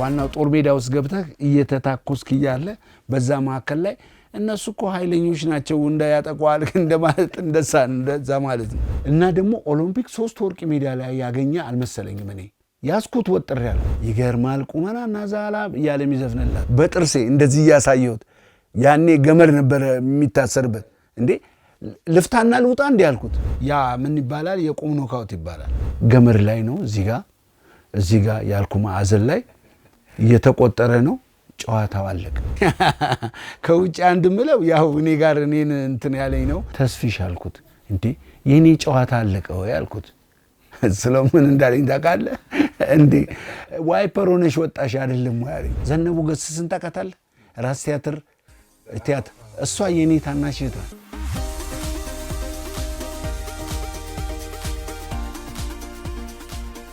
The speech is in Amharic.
ዋናው ጦር ሜዳ ውስጥ ገብተህ እየተታኮስክ እያለ በዛ መካከል ላይ እነሱ እኮ ኃይለኞች ናቸው እንዳያጠቋል እንደማለት እንደሳ እንደዛ ማለት ነው። እና ደግሞ ኦሎምፒክ ሶስት ወርቅ ላይ ያገኘ አልመሰለኝም እኔ ያስኩት ወጥር ያለ ይገርማል ቁመና እና ዛላ እያለ የሚዘፍንላት በጥርሴ እንደዚህ እያሳየሁት ያኔ ገመድ ነበረ የሚታሰርበት እንዴ ልፍታና ልውጣ እንዲ ያልኩት ያ ምን ይባላል የቁም ኖካውት ይባላል ገመድ ላይ ነው እዚህ ጋ እዚህ ጋ ያልኩ ማዕዘን ላይ እየተቆጠረ ነው። ጨዋታው አለቀ። ከውጭ አንድ ምለው ያው እኔ ጋር እኔን እንትን ያለኝ ነው ተስፊሽ አልኩት። እንዴ የእኔ ጨዋታ አለቀ ወይ አልኩት። ስለምን እንዳለኝ ታውቃለህ እንዴ? ዋይፐር ሆነሽ ወጣሽ አይደለም ወይ አለኝ። ዘነቡ ገስስን ታውቃታለህ? ራስ ቲያትር ቲያትር እሷ የእኔ ታናሽ እህት